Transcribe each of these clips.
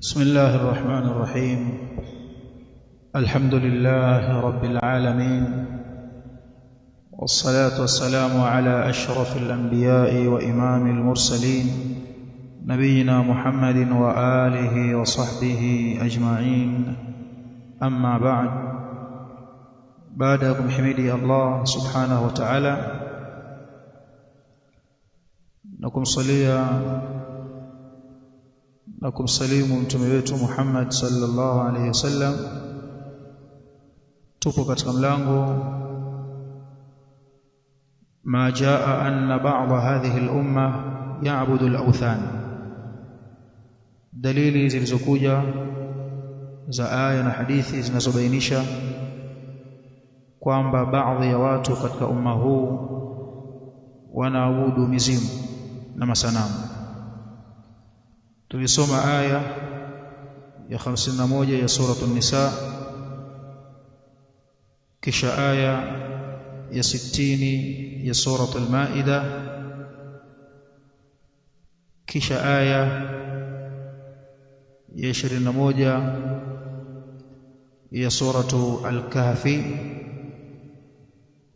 بسم الله الرحمن الرحيم الحمد لله رب العالمين والصلاة والسلام على أشرف الأنبياء وإمام المرسلين نبينا محمد وآله وصحبه أجمعين أما بعد بعدكم حمدي الله سبحانه وتعالى نكم صليا na kumsalimu mtume wetu Muhammad sallallahu alaihi wasallam tupo katika mlango ma jaa anna ba'd hadhihi al-umma ya'budu al-awthan dalili zilizokuja za aya na hadithi zinazobainisha kwamba baadhi ya watu katika umma huu wanaabudu mizimu na masanamu تلسوم آية يا خمسين موجة يا سورة النساء كش آية يا ستين يا سورة المائدة كش آية يا شرين موجة يا سورة الكهف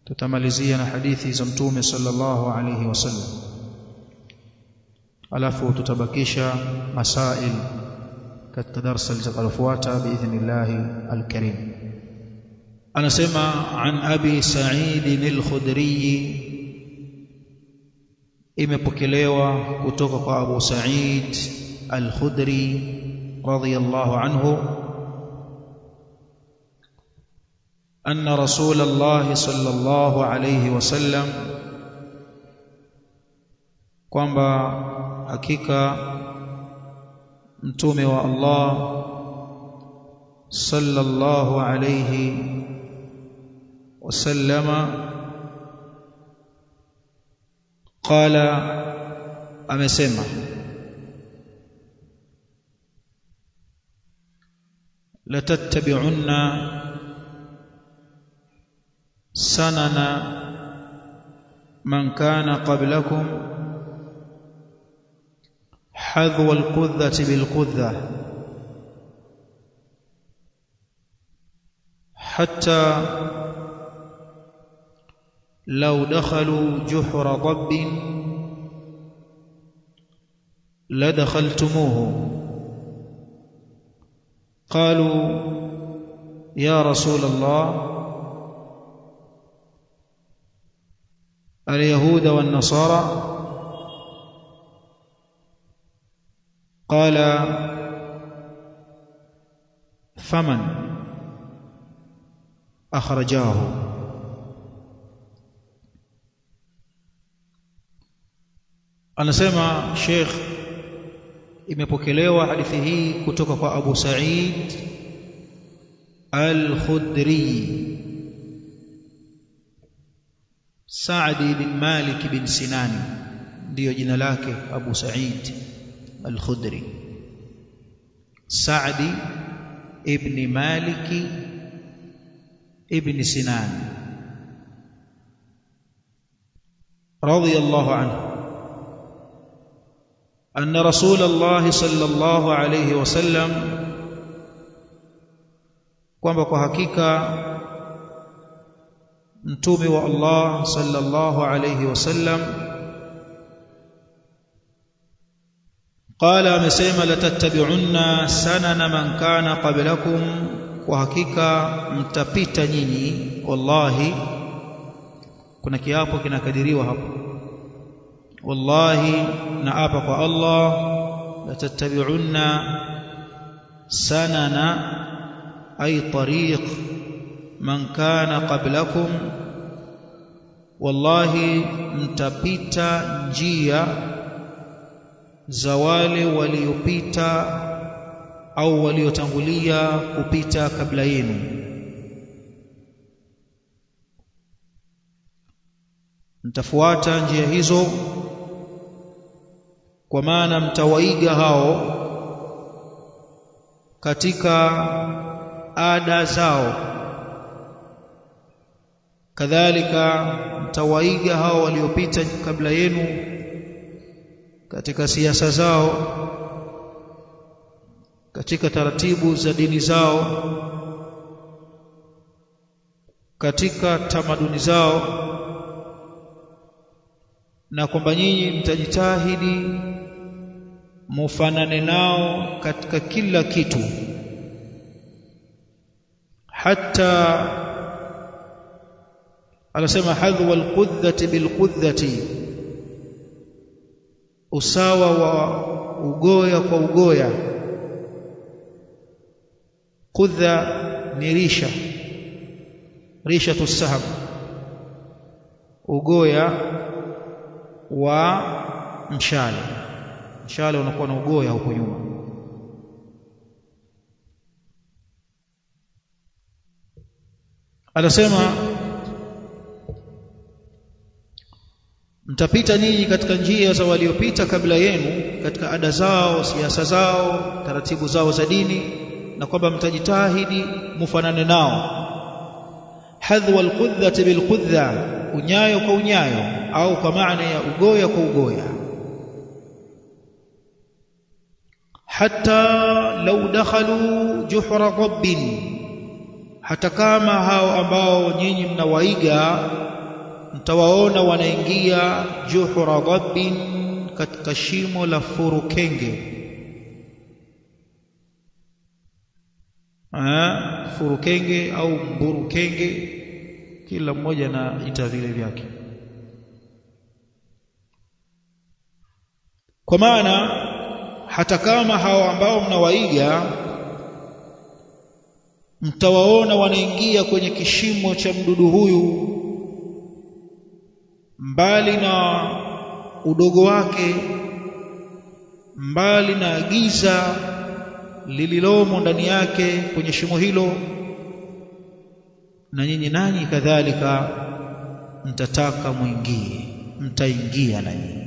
تتمالزينا حديثي زمتومي صلى الله عليه وسلم alafu tutabakisha masail katika darasa litakalofuata biidhnillahi alkarim anasema an abi sa'id al-khudri imepokelewa kutoka kwa abu sa'id al-khudri radiyallahu anhu أن رسول الله صلى الله عليه وسلم kwamba hakika mtume wa Allah sallallahu alayhi wasallama qala amesema latattabi'unna sanana man kana qablakum حذو القذة بالقذة حتى لو دخلوا جحر ضب لدخلتموه قالوا يا رسول الله اليهود والنصارى قال فمن أخرجاه anasema Sheikh imepokelewa hadithi hii kutoka kwa Abu Sa'id Al-Khudri Sa'di bin Malik bin Sinani ndiyo jina lake Abu Sa'id الخدري سعد ابن مالك ابن سنان رضي الله عنه أن رسول الله صلى الله عليه وسلم قام kwa hakika والله صلى الله عليه وسلم qala amesema latattabi'unna sanana man kana qablakum kwa hakika mtapita nyinyi wallahi kuna kiapo kinakadiriwa hapo wallahi na apa kwa Allah latattabi'unna sanana ay tariq man kana qablakum wallahi mtapita njia za wale waliopita au waliotangulia kupita kabla yenu. Mtafuata njia hizo, kwa maana mtawaiga hao katika ada zao, kadhalika mtawaiga hao waliopita kabla yenu katika siasa zao katika taratibu za dini zao katika tamaduni zao na kwamba nyinyi mtajitahidi mufanane nao katika kila kitu hata anasema hadhwa walqudhati bilqudhati usawa wa ugoya kwa ugoya kudha ni risha risha tusahab ugoya wa mshale mshale unakuwa na ugoya huko nyuma anasema mtapita ninyi katika njia za waliopita kabla yenu katika ada zao, siasa zao, taratibu zao za dini, na kwamba mtajitahidi mufanane nao. Hadhwa alqudhati bilqudha, unyayo kwa unyayo, au kwa maana ya ugoya kwa ugoya. Hata lau dakhalu juhra rabbin, hata kama hao ambao nyinyi mnawaiga mtawaona wanaingia juhura dhabbin, katika shimo la furukenge. Ha, furukenge au mburukenge, kila mmoja anaita vile vyake, kwa maana hata kama hao ambao mnawaiga mtawaona wanaingia kwenye kishimo cha mdudu huyu mbali na udogo wake, mbali na giza lililomo ndani yake kwenye shimo hilo, na nyinyi nanyi kadhalika mtataka mwingie, mtaingia na nyinyi.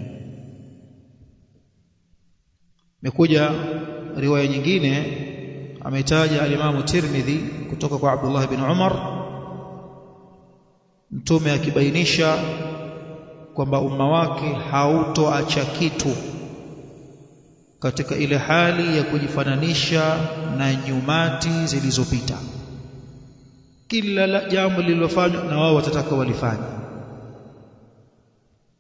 Imekuja riwaya nyingine ametaja alimamu Tirmidhi kutoka kwa Abdullah bin Umar, mtume akibainisha kwamba umma wake hautoacha kitu katika ile hali ya kujifananisha na nyumati zilizopita. Kila jambo lililofanywa na wao watataka walifanye,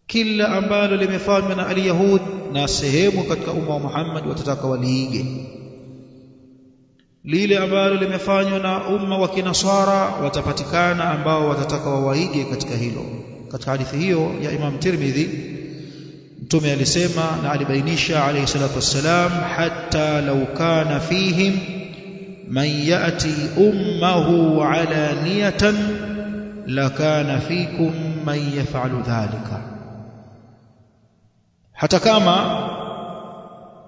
kila ambalo limefanywa na alyahud na sehemu katika umma wa Muhammad watataka waliige. Lile ambalo limefanywa na umma wa Kinaswara watapatikana ambao watataka wawaige katika hilo katika hadithi hiyo ya Imam Tirmidhi Mtume alisema na alibainisha alayhi salatu wassalam, hatta law kana fihim man yati ummahu alaniyatan lakana fikum man yafalu dhalika, hata kama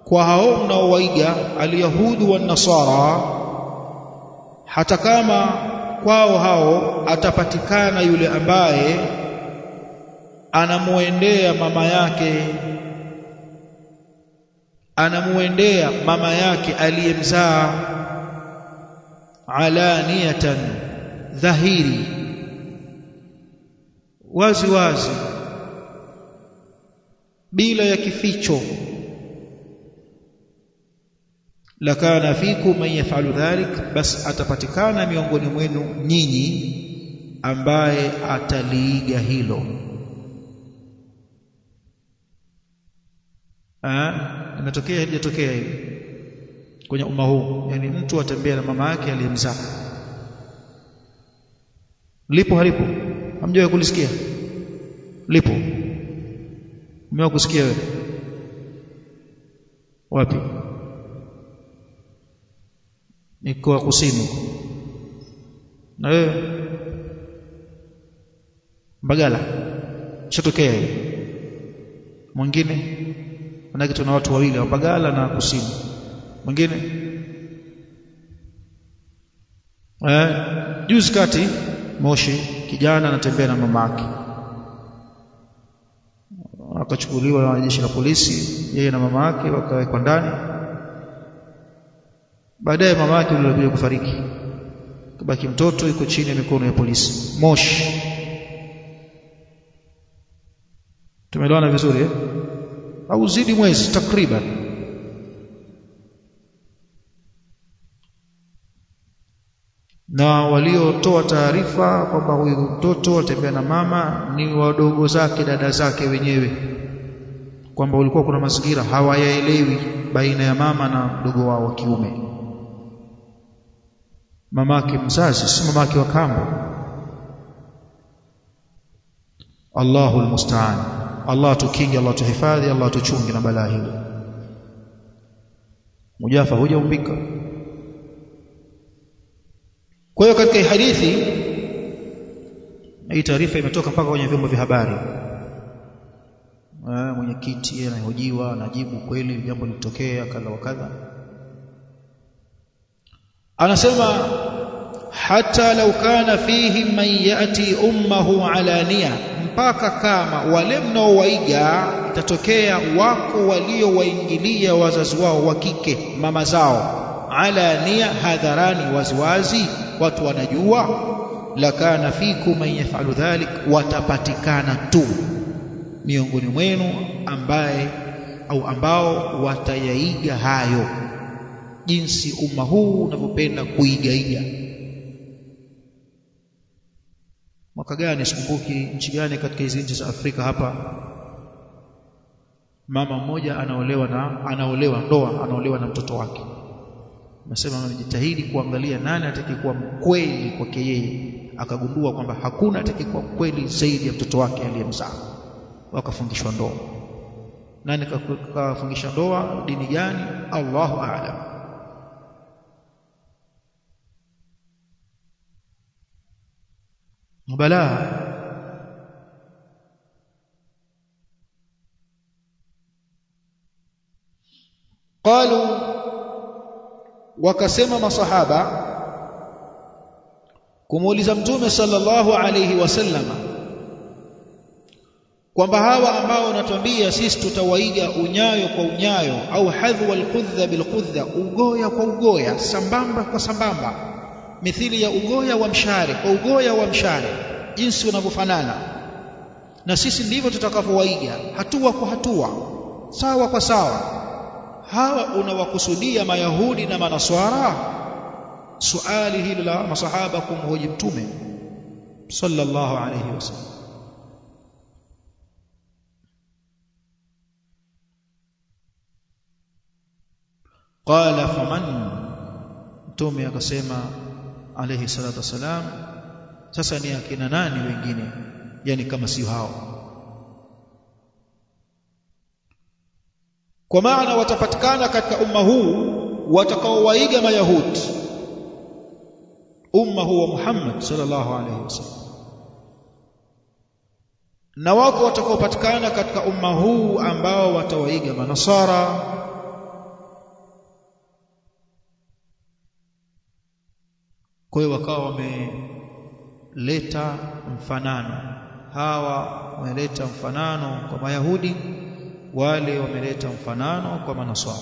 kwa hao mnaowaiga alyahudu wan nasara, hata kama kwao hao atapatikana yule ambaye anamuendea mama yake anamuendea mama yake aliyemzaa alaniatan dhahiri wazi wazi bila ya kificho lakana fiku man yafalu dhalik bas atapatikana miongoni mwenu nyinyi ambaye ataliiga hilo imetokea haijatokea hivi kwenye umma huu, yani mtu atembea na mama yake aliyemzaa. Lipo halipo? Hamjawahi kulisikia? Lipo? Umewahi kusikia wewe? Wapi? Mikoa kusini. Na wewe? Mbagala. Shatokea mwingine Maanake tuna watu wawili Wapagala na Kusini. Mwingine eh, juzi kati Moshi, kijana anatembea na mamake akachukuliwa na jeshi la polisi, yeye na mama yake wakawekwa ndani. Baadaye mama yake alikuja kufariki, kabaki mtoto yuko chini ya mikono ya polisi Moshi. Tumeelewana vizuri eh? au zidi mwezi takriban na waliotoa taarifa kwamba huyu mtoto atembea na mama ni wadogo zake dada zake wenyewe kwamba ulikuwa kuna mazingira hawayaelewi baina ya mama na mdogo wao wa kiume mamake mzazi si mamake wa kambo Allahu almusta'an Allah atukinge, Allah atuhifadhi, Allah atuchunge na balaa hili Mujafa hujaumbika. Kwa hiyo katika hadithi hii, taarifa imetoka mpaka kwenye vyombo vya habari. Eh, mwenyekiti yeye anahojiwa, anajibu kweli jambo lilitokea kadha wa kadha, anasema hata lau kana fihi man yati ummahu alania, mpaka kama wale mnaowaiga itatokea wako waliowaingilia wazazi wao wa kike mama zao alania, hadharani, waziwazi, watu wanajua. Lakana fiku man yafalu dhalik, watapatikana tu miongoni mwenu ambaye au ambao watayaiga hayo, jinsi umma huu unavyopenda kuigaiga. gani sikumbuki nchi gani katika hizi nchi za Afrika hapa mama mmoja anaolewa na anaolewa ndoa anaolewa na mtoto wake nasema amejitahidi kuangalia nani atakayekuwa mkweli kwake yeye akagundua kwamba hakuna atakayekuwa kweli zaidi ya mtoto wake aliyemzaa wakafungishwa ndoa nani kafungisha ndoa dini gani Allahu a'lam Ah balaa qalu wakasema masahaba kumuuliza mtume sallallahu alayhi wasallama kwamba hawa ambao wanatuambia sisi tutawaiga unyayo kwa unyayo au hadhwa walqudha bilqudha ugoya kwa ugoya sambamba kwa sambamba mithili ya ugoya wa mshare kwa ugoya wa mshare jinsi unavyofanana na sisi ndivyo tutakavyowaiga hatua kwa hatua sawa kwa sawa hawa unawakusudia mayahudi na manaswara suali hili la masahaba kumhoji mtume sallallahu alayhi wasallam qala faman mtume akasema alayhi salatu wasalam sasa ni akina nani wengine yani kama sio hao kwa maana watapatikana katika umma huu watakaowaiga mayahudi umma huu wa Muhammad sallallahu alaihi wasallam na wako watakaopatikana katika umma huu ambao watawaiga manasara kwa hiyo wakawa wameleta mfanano hawa wameleta mfanano kwa mayahudi wale wameleta mfanano kwa manaswara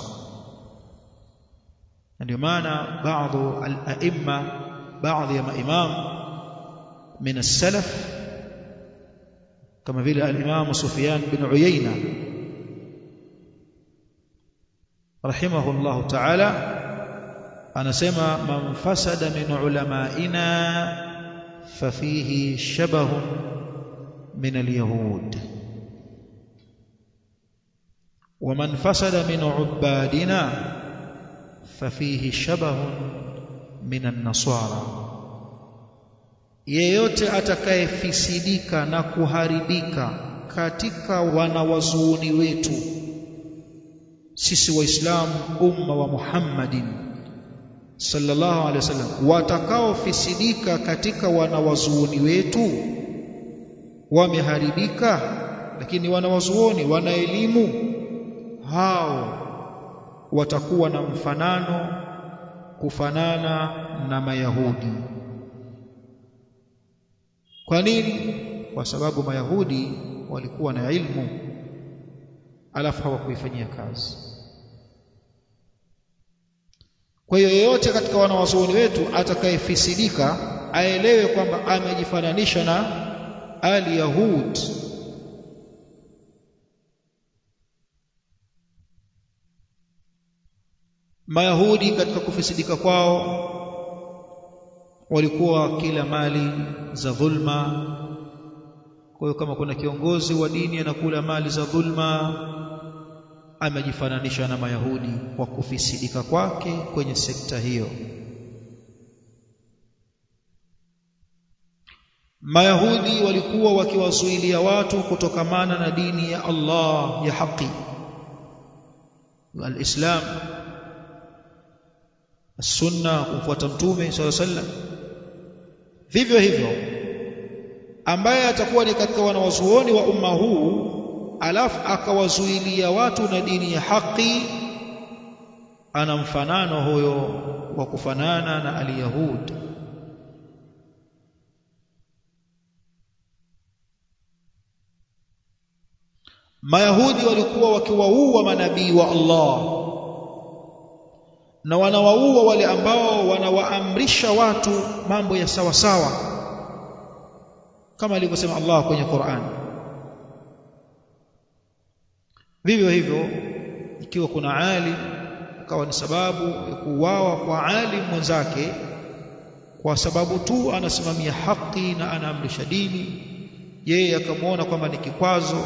ndio maana baadhi al-aimma baadhi ya maimam من السلف kama vile الإمام سفيان بن عيينة رحمه الله تعالى anasema man fasada min ulamaina fafihi shabahu min alyahud waman fasada min ubadina fafihi shabahun min annasara, yeyote atakayefisidika na kuharibika katika wanawazuuni wetu sisi Waislamu umma wa Muhammadin sallallahu alaihi wasallam, watakaofisidika katika wanawazuoni wetu wameharibika, lakini wanawazuoni wana elimu, hao watakuwa na mfanano kufanana na Mayahudi. Kwa nini? Kwa sababu Mayahudi walikuwa na ilmu alafu hawakuifanyia kazi. Kwa hiyo yeyote katika wanawazuoni wetu atakayefisidika aelewe kwamba amejifananisha na al-Yahud. Mayahudi katika kufisidika kwao walikuwa wakila mali za dhulma. Kwa hiyo kama kuna kiongozi wa dini anakula mali za dhulma amejifananisha na Mayahudi kwa kufisidika kwake kwenye sekta hiyo. Mayahudi walikuwa wakiwazuilia watu kutokamana na dini ya Allah ya haki alislam sunna kumfuata mtume sallallahu sallam vivyo hivyo ambaye atakuwa ni katika wanawazuoni wa umma huu alafu akawazuilia watu na dini ya haki, ana mfanano huyo wa kufanana na aliyahud Mayahudi walikuwa wakiwaua manabii wa Allah na wanawaua wale ambao wanawaamrisha watu mambo ya sawasawa sawa. Kama alivyosema Allah kwenye qurani vivyo hivyo ikiwa kuna alim akawa ni sababu ya kuuawa kwa alim mwenzake kwa sababu tu anasimamia haki na anaamrisha dini, yeye akamwona kwamba ni kikwazo,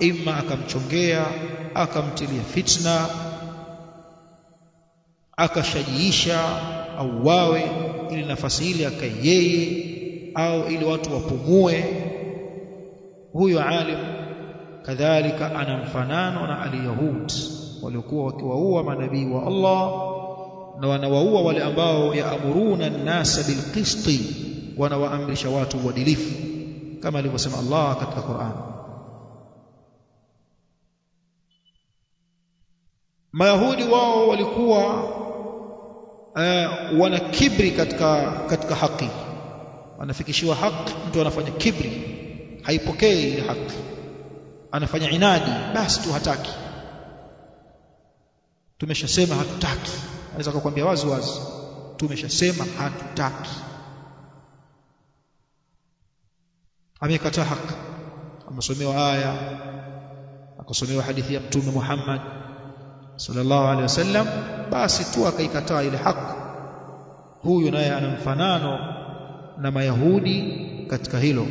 ima akamchongea, akamtilia fitna, akashajiisha au wawe ili nafasi ile akae yeye, au ili watu wapumue, huyo alim kadhalika ana mfanano na aliyahud waliokuwa wakiwaua manabii wa Allah na wanawaua wale ambao yaamuruna nnasa bilqisti, wanawaamrisha watu uadilifu kama alivyosema Allah katika Qur'an. Mayahudi wao walikuwa uh, wana kibri katika, katika haki, wanafikishiwa haki, mtu anafanya kibri, haipokei ile haki anafanya inadi basi tu hataki tumeshasema hatutaki anaweza kukuambia wazi wazi tumeshasema hatutaki amekataa haki amesomewa aya akasomewa hadithi ya mtume Muhammad sallallahu alaihi wasallam basi tu akaikataa ile haki huyu naye ana mfanano na Mayahudi katika hilo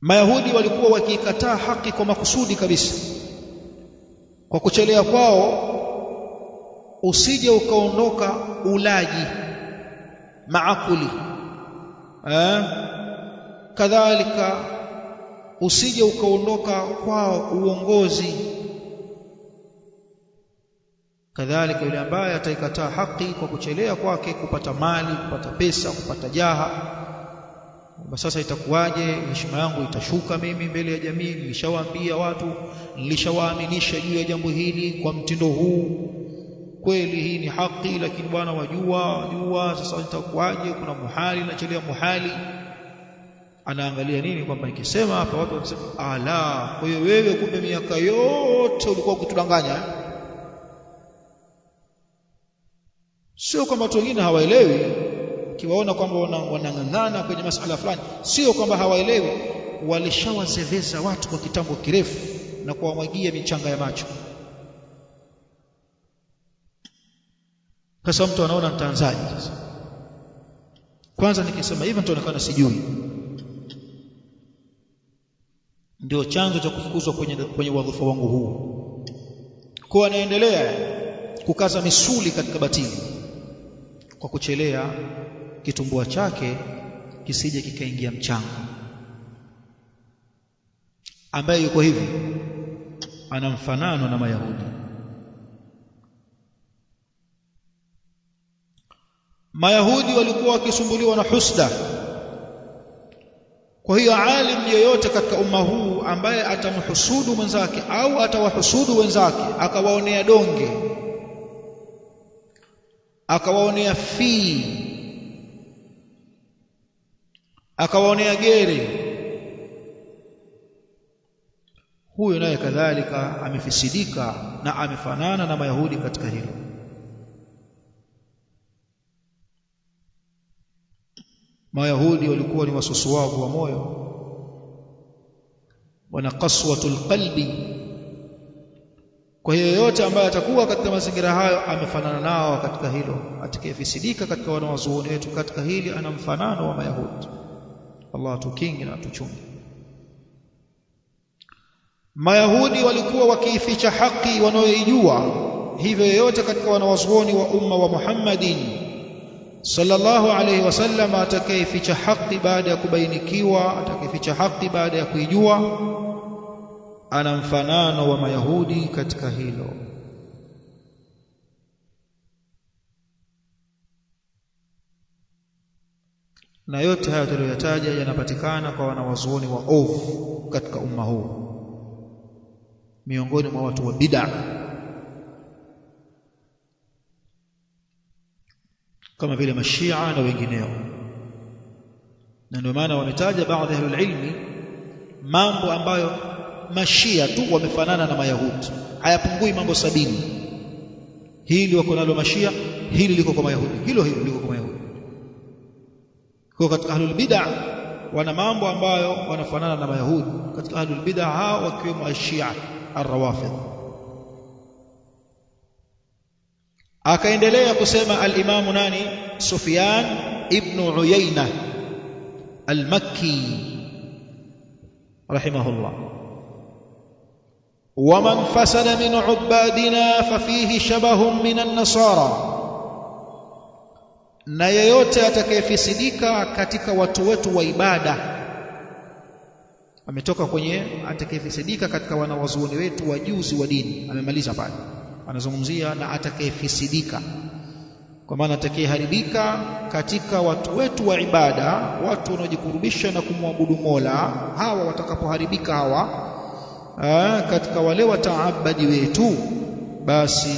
Mayahudi walikuwa wakiikataa haki kwa makusudi kabisa. Kwa kuchelea kwao usije ukaondoka ulaji maakuli. Eh? Kadhalika usije ukaondoka kwao uongozi. Kadhalika yule ambaye ataikataa haki kwa kuchelea kwake kupata mali, kupata pesa, kupata jaha sasa itakuwaje? Heshima yangu itashuka mimi mbele ya jamii? Nilishawaambia watu, nilishawaaminisha juu ya jambo hili kwa mtindo huu, kweli hii ni haki, lakini bwana, wajua wajua, sasa itakuwaje? Kuna muhali nachelea muhali anaangalia nini? Kwamba nikisema hapa watu wanasema ala, kwa hiyo wewe kumbe miaka yote ulikuwa ukitudanganya. Eh? Sio kwamba watu wengine hawaelewi kiwaona kwamba wanang'ang'ana kwenye masala fulani, sio kwamba hawaelewi, walishawazeveza watu kwa kitambo kirefu na kuwamwagia michanga ya macho. Sasa mtu anaona nitaanzaje? Sasa kwanza nikisema hivyo nitaonekana sijui. Ndio chanzo cha kufukuzwa kwenye, kwenye wadhifa wangu huu. Kwa anaendelea kukaza misuli katika batili kwa kuchelea kitumbua chake kisije kikaingia mchanga ambaye yuko hivi ana mfanano na Mayahudi Mayahudi walikuwa wakisumbuliwa na husda kwa hiyo alim yeyote katika umma huu ambaye atamhusudu mwenzake au atawahusudu wenzake akawaonea donge akawaonea fii akawaonea gere huyo naye kadhalika amefisidika na amefanana na Mayahudi katika hilo. Mayahudi walikuwa ni wao wa moyo, wana qaswatul qalbi. Kwa hiyo yote ambaye atakuwa katika mazingira hayo amefanana nao katika hilo, atakayefisidika katika wanawazuoni wetu katika hili ana mfanano wa Mayahudi. Allah atukinge na atuchunge Mayahudi walikuwa wakiificha haki wanayoijua hivyo yeyote katika wanawazuoni wa umma wa Muhammadin sallallahu alayhi wasallam atakayeficha haki baada ya kubainikiwa atakayeficha haki baada ya kuijua ana mfanano wa Mayahudi katika hilo na yote haya tuliyoyataja yanapatikana kwa wanawazuoni wa ovu katika umma huu miongoni mwa watu wa bid'a kama vile mashia na wengineo na ndio maana wametaja baadhi ya ulilmi mambo ambayo mashia tu wamefanana na mayahudi hayapungui mambo sabini hili wako nalo mashia hili liko kwa mayahudi hilo hilo liko kwa mayahudi kwa katika ahlul bid'ah wana mambo ambayo wanafanana na mayahudi katika ahlul bid'ah hao wakiwemo ashia arrawafid akaendelea kusema al-imamu nani Sufyan ibn Uyayna al-Makki rahimahullah ومن فسد من عبادنا ففيه شبه من النصارى na yeyote atakayefisidika katika watu wetu wa ibada ametoka kwenye atakayefisidika katika wanawazuoni wetu wajuzi wa dini amemaliza pale anazungumzia na atakayefisidika kwa maana atakayeharibika katika watu wetu wa ibada watu wanaojikurubisha na kumwabudu Mola hawa watakapoharibika hawa aa, eh, katika wale wataabadi wetu basi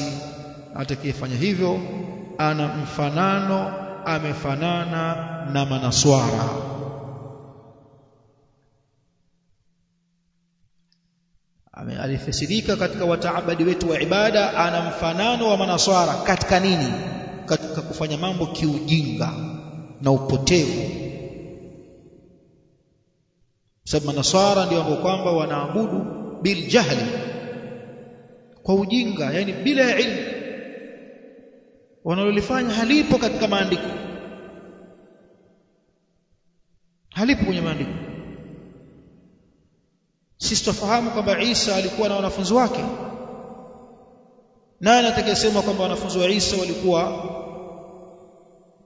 atakayefanya hivyo ana mfanano amefanana na manaswara alifasirika katika wataabadi wetu wa ibada ana mfanano wa manaswara katika nini katika kufanya mambo kiujinga na upotevu sababu manaswara ndio ambao kwamba wanaabudu biljahli kwa ujinga yani bila ilmu wanalolifanya halipo katika maandiko halipo kwenye maandiko sisi tufahamu kwamba Isa alikuwa na wanafunzi wake nani atakayesema kwamba wanafunzi wa Isa walikuwa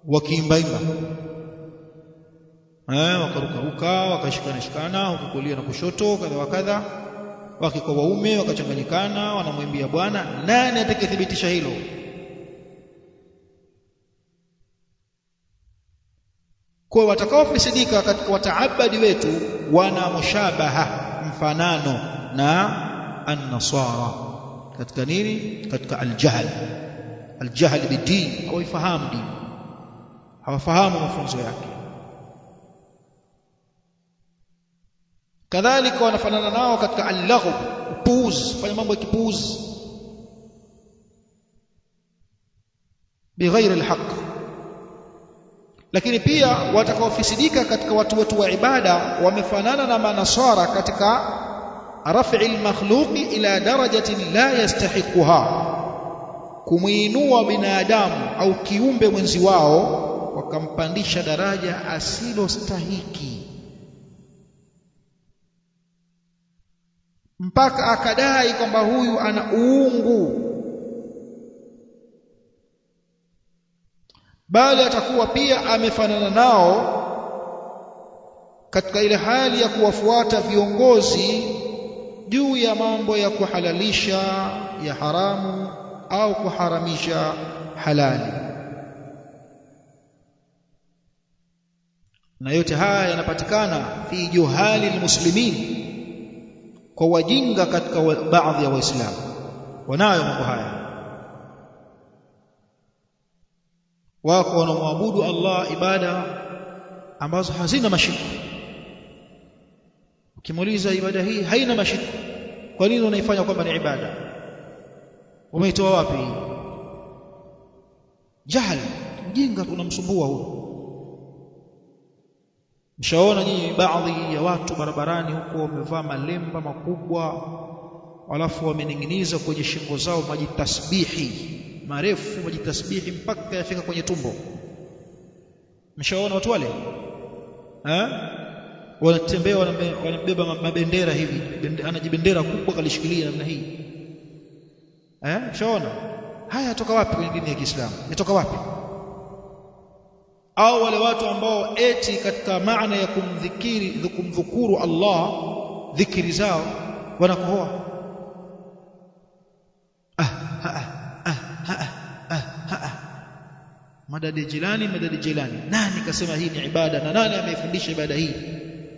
wakiimbaimba eh wakarukaruka wakashikana shikana wakakulia na kushoto kadha wa kadha wakikuwa waume wakachanganyikana wanamwimbia Bwana nani atakayethibitisha hilo kwa watakaofisidika wataabadi wetu wana mushabaha mfanano na an-nasara katika nini katika al-jahl al-jahl bidin hawaifahamu dini hawafahamu mafunzo yake kadhalika wanafanana nao katika al lagh upuuzi fanya mambo ya kipuuzi bighairi al-haqq lakini pia watakaofisidika katika watu wetu wa ibada wamefanana na manasara katika raf'i al ila darajatin la yastahiquha kumuinua binadamu au kiumbe mwenzi wao wakampandisha daraja asilostahiki mpaka akadai kwamba huyu ana uungu bali atakuwa pia amefanana nao katika ile hali ya kuwafuata viongozi juu ya mambo ya kuhalalisha ya haramu au kuharamisha halali na yote haya yanapatikana fi juhali almuslimin kwa wajinga katika baadhi ya waislamu wanayo mambo haya wako wanamwabudu Allah ibada ambazo hazina mashiko ukimuuliza ibada hii haina mashiko kwa nini unaifanya kwamba ni ibada umeitoa wapi jahali mjinga unamsumbua huyo mshaona nyinyi baadhi ya watu barabarani huko wamevaa malemba makubwa alafu wamening'iniza kwenye shingo zao maji tasbihi marefu wajitasbihi mpaka yafika kwenye tumbo mshaona watu wale eh wanatembea wanabeba mabendera hivi anajibendera kubwa kalishikilia namna hii eh mshaona haya yatoka wapi kwenye dini ya Kiislamu yatoka wapi au wale watu ambao eti katika maana ya kumdhikiri kumdhukuru Allah dhikiri zao wanakohoa madadi jilani madadi jilani nani kasema hii ni ibada na nani ameifundisha ibada hii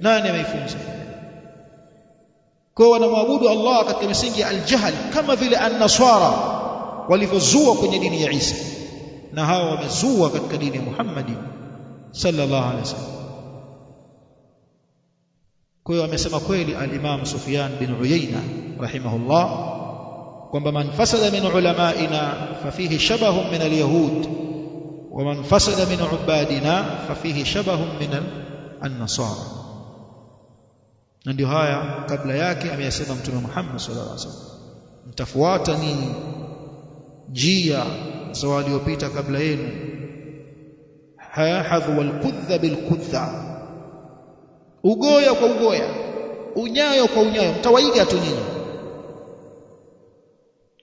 nani ameifunza kwa wanaabudu Allah katika misingi ya aljahl kama vile an-nasara walivyozua kwenye dini ya Isa na hawa wamezua katika dini ya Muhammad sallallahu alaihi wasallam kwa hiyo amesema kweli al-Imam Sufyan bin Uyayna rahimahullah kwamba man fasada min ulamaina fa fihi shabahun min al-yahud waman fasada min ubadina fafihi shabahun min an-nasara na ndio haya kabla yake ameyasema mtume Muhammad sallallahu alaihi wasallam mtafuata nini njia za waliopita kabla yenu hayahadhu walqudha bilqudha ugoya kwa ugoya unyayo kwa unyayo mtawaiga tu nini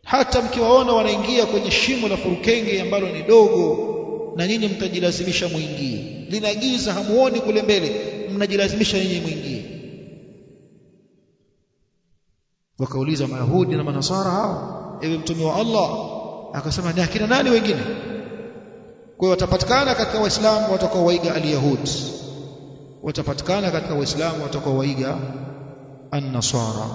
hata mkiwaona wanaingia kwenye shimo la furukenge ambalo ni dogo na nyinyi mtajilazimisha mwingie. Lina giza, hamuoni kule mbele, mnajilazimisha nyinyi mwingie. Wakauliza Mayahudi na Manasara hao, ewe mtume wa Allah? Akasema ni akina nani wengine? Kwa hiyo watapatikana katika Waislamu watakuwa waiga Alyahudi, watapatikana katika Waislamu watakuwa waiga Annasara.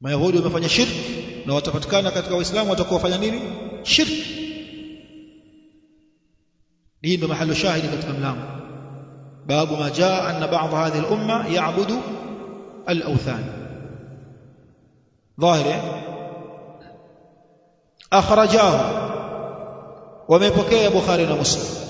Mayahudi wamefanya shirki na watapatikana katika Uislamu watakuwa wafanya nini Shirk. hii ndio mahali shahidi katika mlango babu ma jaa anna ba'd hadhihi al-umma ya'budu al-awthan dhahiri akhrajahu wamepokea bukhari na muslim